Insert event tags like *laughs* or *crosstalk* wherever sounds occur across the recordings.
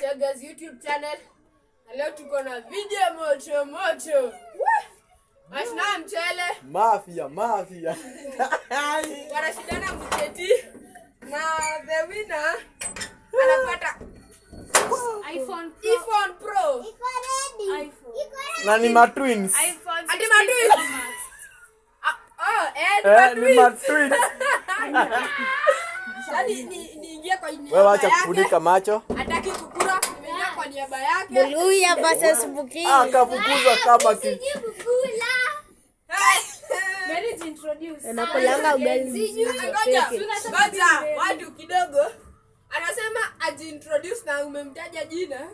Chagas YouTube channel. Na leo tuko na video moto moto. Mashina mchele. Mafia, mafia. *laughs* Wanashindana mketi. Na the winner anapata iPhone iPhone Pro. Na ni matwins. iPhone. Ati matwins. Ah, oh, eh, ni eh, matwins. *laughs* wewe acha kufunika macho. Ah, akafukuzwa kama *laughs* anakolanga ugali watu kidogo anasema ajiintroduce na umemtaja jina.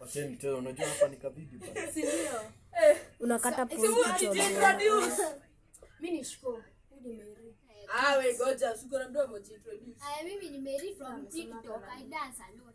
*laughs* Unajua hapa ni kabidi bana. Si ndio? Eh. Unakata pointi. Mimi ni Shiko. Ah, wewe Awe, goja, na mdomo jiintroduce. Aya, mimi ni Mary from TikTok. I dance a lot.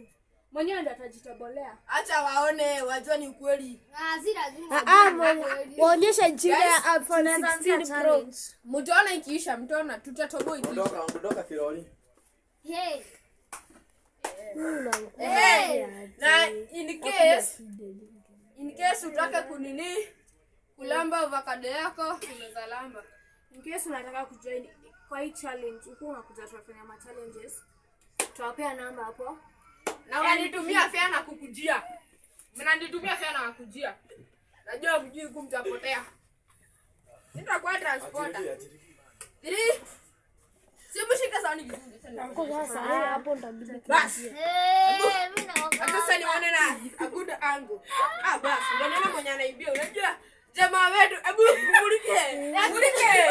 mwenyewe ndo atajitobolea. Acha waone, wajua ni ukweli. Ah, ah, ah, mwenye Waonyeshe njia ya iPhone 16 Pro. Mtaona ikiisha, mtaona tutatoboa ikiisha. Ondoka, ondoka Filoli. Hey. Hey. Na in case in case utake kunini kulamba avocado yako unaweza lamba. In case unataka kujoin kwa hii challenge, uko unakuja tunafanya ma challenges. Tuwapea namba hapo. Na yaani unanitumia fea na kukujia. Mnanitumia fea na kukujia. Najua kujui huku mtapotea. Nitakuwa transporter. shika Kwa sasa hapo Bas. Eh, nione na a good angle. Ah, bas. Ndio mwenye anaibia. Unajua jamaa wetu, hebu mulike. Yaani mulike.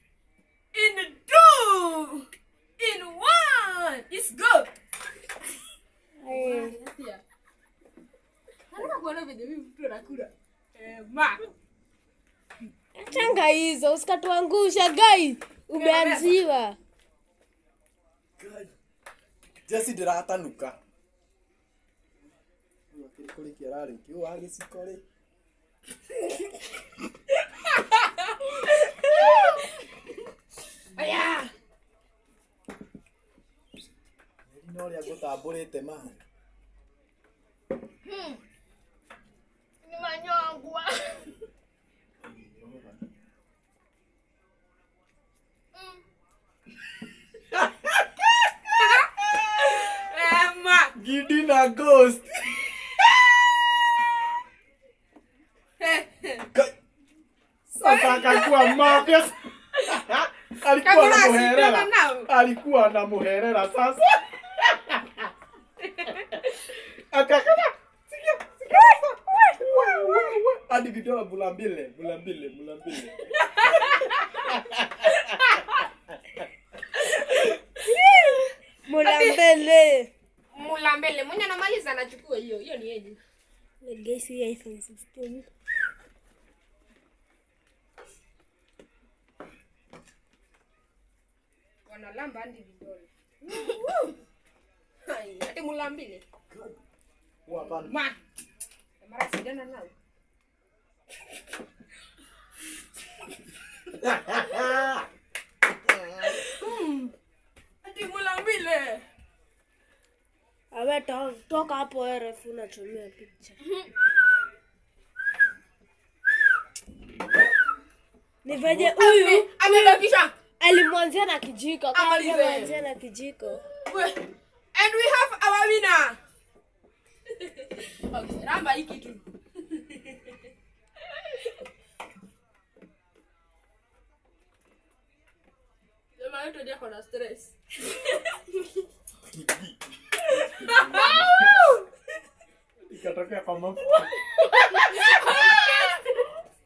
in the two, in one. It's good. Nataka kuona venye mimi mtu anakula. Eh, ma. Changa hizo, usikatuangusha gai. Umeanziwa. Jesi ndiratanuka. Kirikuri kirarĩkiu wa gĩciko gutambũrĩte maĩ hmm. nĩ manyongwa Emma Gidi na ghost sasa akakuwa mapya alikuwa na muherera alikuwa na muherera sasa hadi vitola bulambile bulambile bulambile mulambele mulambele mwenye anamaliza anachukua hiyo hiyo ni yeje legesi ya iPhone 16 wanalamba hadi vidole hadi mulambile Mlambile hmm. awe toka hapo, refu unachomea picha ni venye huyu amebakisha alimwanzia na kijiko, alimwanzia na kijiko. And we have our winner ramba hii kitu.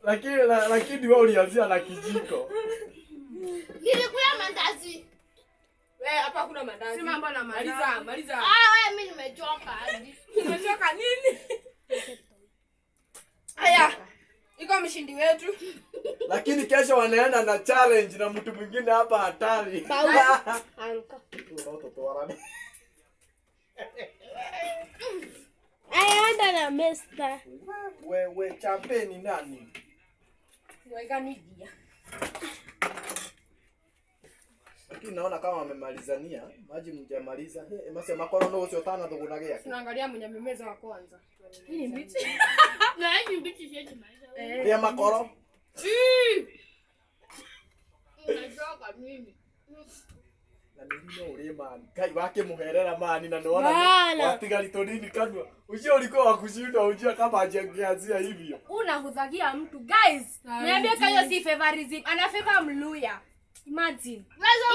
Lakini lakini wewe ulianzia na kijiko. Nilikula mandazi. Eh, hapa kuna mandazi. Si mambo na mandazi. Maliza, maliza. Ah, wewe mimi nimechoka. Nimechoka *laughs* nini? Haya. Iko mshindi wetu. *laughs* Lakini kesho wanaenda na challenge na mtu mwingine hapa hatari. *laughs* Anko. Ayaenda na mesta. Wewe champeni nani? Wega nidia tu naona kama wamemalizania maji mjamaliza he eh, mase makoro no ucio tana thuguna tunaangalia mwenye mmeza wa kwanza hii mbichi *laughs* na hii mbichi sije maliza eh. ya makoro mimi wake muherera mani na ndoona watigari tonini ucio wakushinda kama hivyo unahudhagia mtu guys niambie kayo si favoritism ana favor mluya Imagine.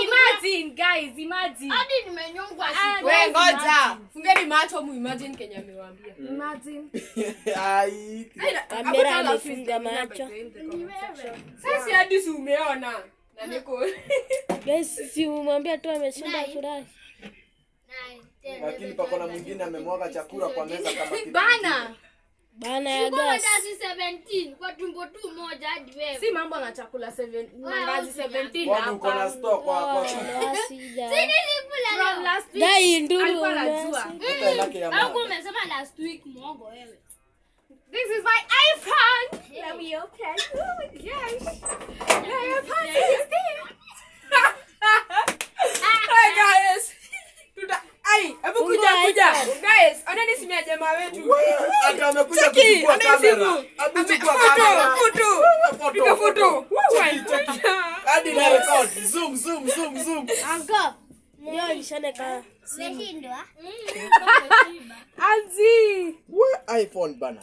Imagine guys, imagine. Hadi nimenyongwa siku. Wewe ngoja. Fungeni macho mu imagine Kenya amewaambia. Mm. Imagine. Ai. Kamera amefunga macho. Sasa hadi si umeona. Na niko. Guys, si umwambia tu ameshinda furahi. Lakini pako na mwingine amemwaga chakula kwa meza kama *laughs* kitu. Bana. Bana ya gas. Kwa tumbo tu moja hadi wewe. Si mambo na chakula 7 mandazi 17 hapa. Uko na stock kwa kwa. *laughs* From last week. Dai nduru. Alikuwa anajua. Mm. Au umesema last week mwogo wewe. This is my iPhone. Let me open. Oh my gosh. My iPhone is *laughs* there. ananisimia jamaa wetu. Hata amekuja kuchukua kamera. Amechukua kamera. Foto. Piga foto. *laughs* Hadi na record. Zoom zoom zoom zoom. Anko. Leo nishane ka. Umeshindwa? *laughs* Anzi. Wewe iPhone bana.